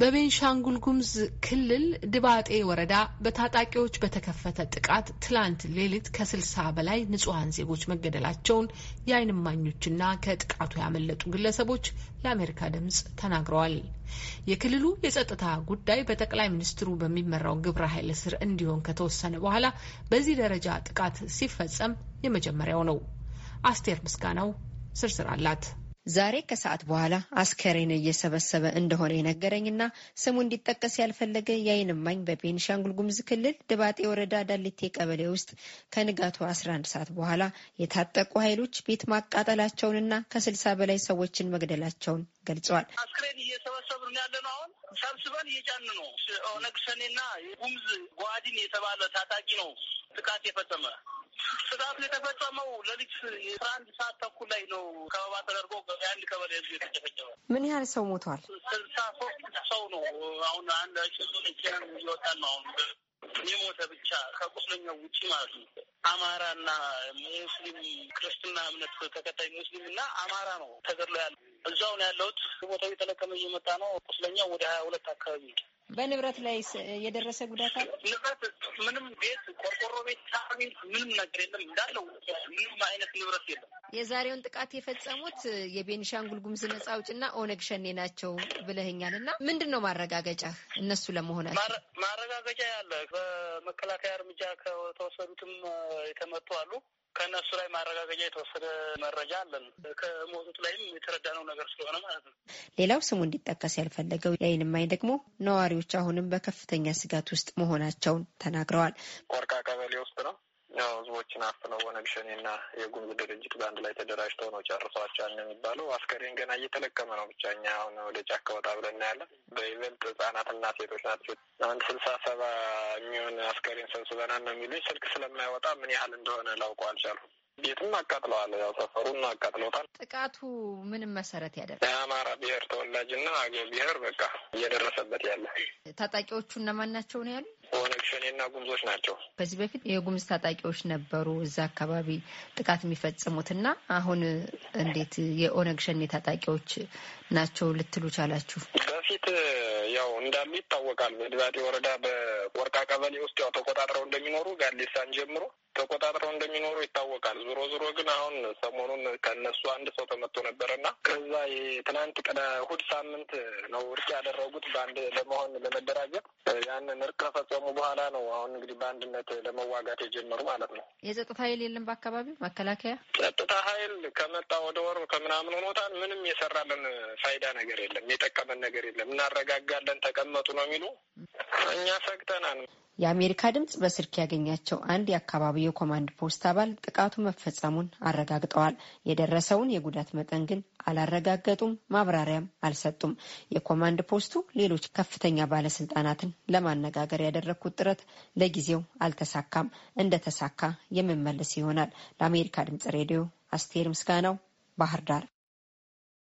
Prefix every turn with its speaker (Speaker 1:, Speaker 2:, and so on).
Speaker 1: በቤንሻንጉል ጉምዝ ክልል ድባጤ ወረዳ በታጣቂዎች በተከፈተ ጥቃት ትላንት ሌሊት ከ60 በላይ ንጹሐን ዜጎች መገደላቸውን የዓይን እማኞችና ከጥቃቱ ያመለጡ ግለሰቦች ለአሜሪካ ድምጽ ተናግረዋል። የክልሉ የጸጥታ ጉዳይ በጠቅላይ ሚኒስትሩ በሚመራው ግብረ ኃይል ስር እንዲሆን ከተወሰነ በኋላ በዚህ ደረጃ ጥቃት ሲፈጸም የመጀመሪያው ነው። አስቴር ምስጋናው ዝርዝር አላት። ዛሬ ከሰዓት በኋላ አስከሬን እየሰበሰበ እንደሆነ የነገረኝና ስሙ እንዲጠቀስ ያልፈለገ የዓይን እማኝ በቤኒሻንጉል ጉሙዝ ክልል ድባጤ ወረዳ ዳሊቴ ቀበሌ ውስጥ ከንጋቱ 11 ሰዓት በኋላ የታጠቁ ኃይሎች ቤት ማቃጠላቸውንና ከስልሳ በላይ ሰዎችን መግደላቸውን ገልጸዋል። አስክሬን እየሰበሰብን ያለ ነው። አሁን ሰብስበን እየጫን
Speaker 2: ነው። ኦነግ ሸኔና ጉሙዝ የተባለ ታጣቂ ነው ጥቃት የፈጸመ ጥቃት የተፈጸመው ሌሊት የአስራ አንድ ሰዓት ተኩል ላይ ነው። ከበባ ተደርጎ
Speaker 1: የአንድ ቀበሌ ህዝብ የተጨፈጨበ። ምን ያህል ሰው ሞቷል? ስልሳ ሶስት ሰው ነው። አሁን አንድ
Speaker 2: ሽዞችን ይወጣል ነው አሁን የሞተ ብቻ ከቁስለኛው ውጭ ማለት ነው። አማራ አማራና ሙስሊም ክርስትና እምነት ተከታይ ሙስሊም እና አማራ ነው ተገድሎ ያለ እዛውን ነው ያለሁት። ቦታው የተለቀመ እየመጣ ነው። ቁስለኛው ወደ ሀያ ሁለት አካባቢ
Speaker 1: በንብረት ላይ የደረሰ ጉዳት አለ?
Speaker 2: ንብረት ምንም ቤት፣ ቆርቆሮ ቤት፣ ሳሚል ምንም ነገር የለም እንዳለው ምንም አይነት ንብረት የለም።
Speaker 1: የዛሬውን ጥቃት የፈጸሙት የቤኒሻንጉል ጉምዝ ነጻ አውጪና ኦነግ ሸኔ ናቸው ብለህኛል እና ምንድን ነው ማረጋገጫ እነሱ ለመሆናቸው? ማረጋገጫ ያለ በመከላከያ እርምጃ ከተወሰዱትም የተመቱ አሉ ከእነሱ ላይ ማረጋገጫ የተወሰደ መረጃ አለን። ከሞቱት ላይም የተረዳነው ነገር ስለሆነ ማለት ነው። ሌላው ስሙ እንዲጠቀስ ያልፈለገው የዓይን እማኝ ደግሞ ነዋሪዎች አሁንም በከፍተኛ ስጋት ውስጥ መሆናቸውን ተናግረዋል። ቆርቃ ቀበሌ ያው ህዝቦችን
Speaker 2: አፍነው ኦነግ ሸኔና የጉምዝ ድርጅት በአንድ ላይ ተደራጅተው ነው ጨርሰዋቸዋል የሚባለው። አስከሬን ገና እየተለቀመ ነው። ብቻ እኛ አሁን ወደ ጫካ ወጣ ብለን እናያለን። በይበልጥ ህጻናትና ሴቶች ናቸው። አንድ ስልሳ ሰባ የሚሆን አስከሬን ሰብስበናል ነው የሚሉኝ። ስልክ ስለማይወጣ ምን ያህል እንደሆነ ላውቀው አልቻልኩም። ቤትም አቃጥለዋል። ያው ሰፈሩን አቃጥለውታል።
Speaker 1: ጥቃቱ ምንም መሰረት ያደርግ
Speaker 2: የአማራ ብሔር ተወላጅና አገ ብሔር በቃ እየደረሰበት ያለ
Speaker 1: ታጣቂዎቹ እነማን ናቸው ነው ያሉ?
Speaker 2: ኦነግ ሸኔና ጉምዞች ናቸው።
Speaker 1: ከዚህ በፊት የጉምዝ ታጣቂዎች ነበሩ እዛ አካባቢ ጥቃት የሚፈጽሙት እና አሁን እንዴት የኦነግ ሸኔ ታጣቂዎች ናቸው ልትሉ ቻላችሁ? በፊት ያው እንዳሉ ይታወቃል። በድባጤ
Speaker 2: ወረዳ በወርቃ ቀበሌ ውስጥ ያው ተቆጣጥረው እንደሚኖሩ ጋሌሳን ጀምሮ ተቆጣጥረው እንደሚኖሩ ይታወቃል። ዞሮ ዞሮ ግን አሁን ሰሞኑን ከእነሱ አንድ ሰው ተመቶ ነበረና ከዛ የትናንት ቀደ እሁድ ሳምንት ነው እርቅ ያደረጉት በአንድ ለመሆን ለመደራጀት። ያንን እርቅ ከፈጸሙ በኋላ ነው አሁን እንግዲህ በአንድነት ለመዋጋት የጀመሩ ማለት ነው።
Speaker 1: የጸጥታ ኃይል የለም በአካባቢው መከላከያ ጸጥታ
Speaker 2: ኃይል ከመጣ ወደ ወር ከምናምን ሆኖታል። ምንም የሰራለን ፋይዳ ነገር የለም፣ የጠቀመን ነገር የለም። እናረጋጋለን ተቀመጡ ነው የሚሉ እኛ ሰግተናል።
Speaker 1: የአሜሪካ ድምፅ በስልክ ያገኛቸው አንድ የአካባቢው የኮማንድ ፖስት አባል ጥቃቱ መፈጸሙን አረጋግጠዋል። የደረሰውን የጉዳት መጠን ግን አላረጋገጡም፣ ማብራሪያም አልሰጡም። የኮማንድ ፖስቱ ሌሎች ከፍተኛ ባለስልጣናትን ለማነጋገር ያደረግኩት ጥረት ለጊዜው አልተሳካም። እንደተሳካ የምመልስ ይሆናል። ለአሜሪካ ድምፅ ሬዲዮ አስቴር ምስጋናው ባህር ዳር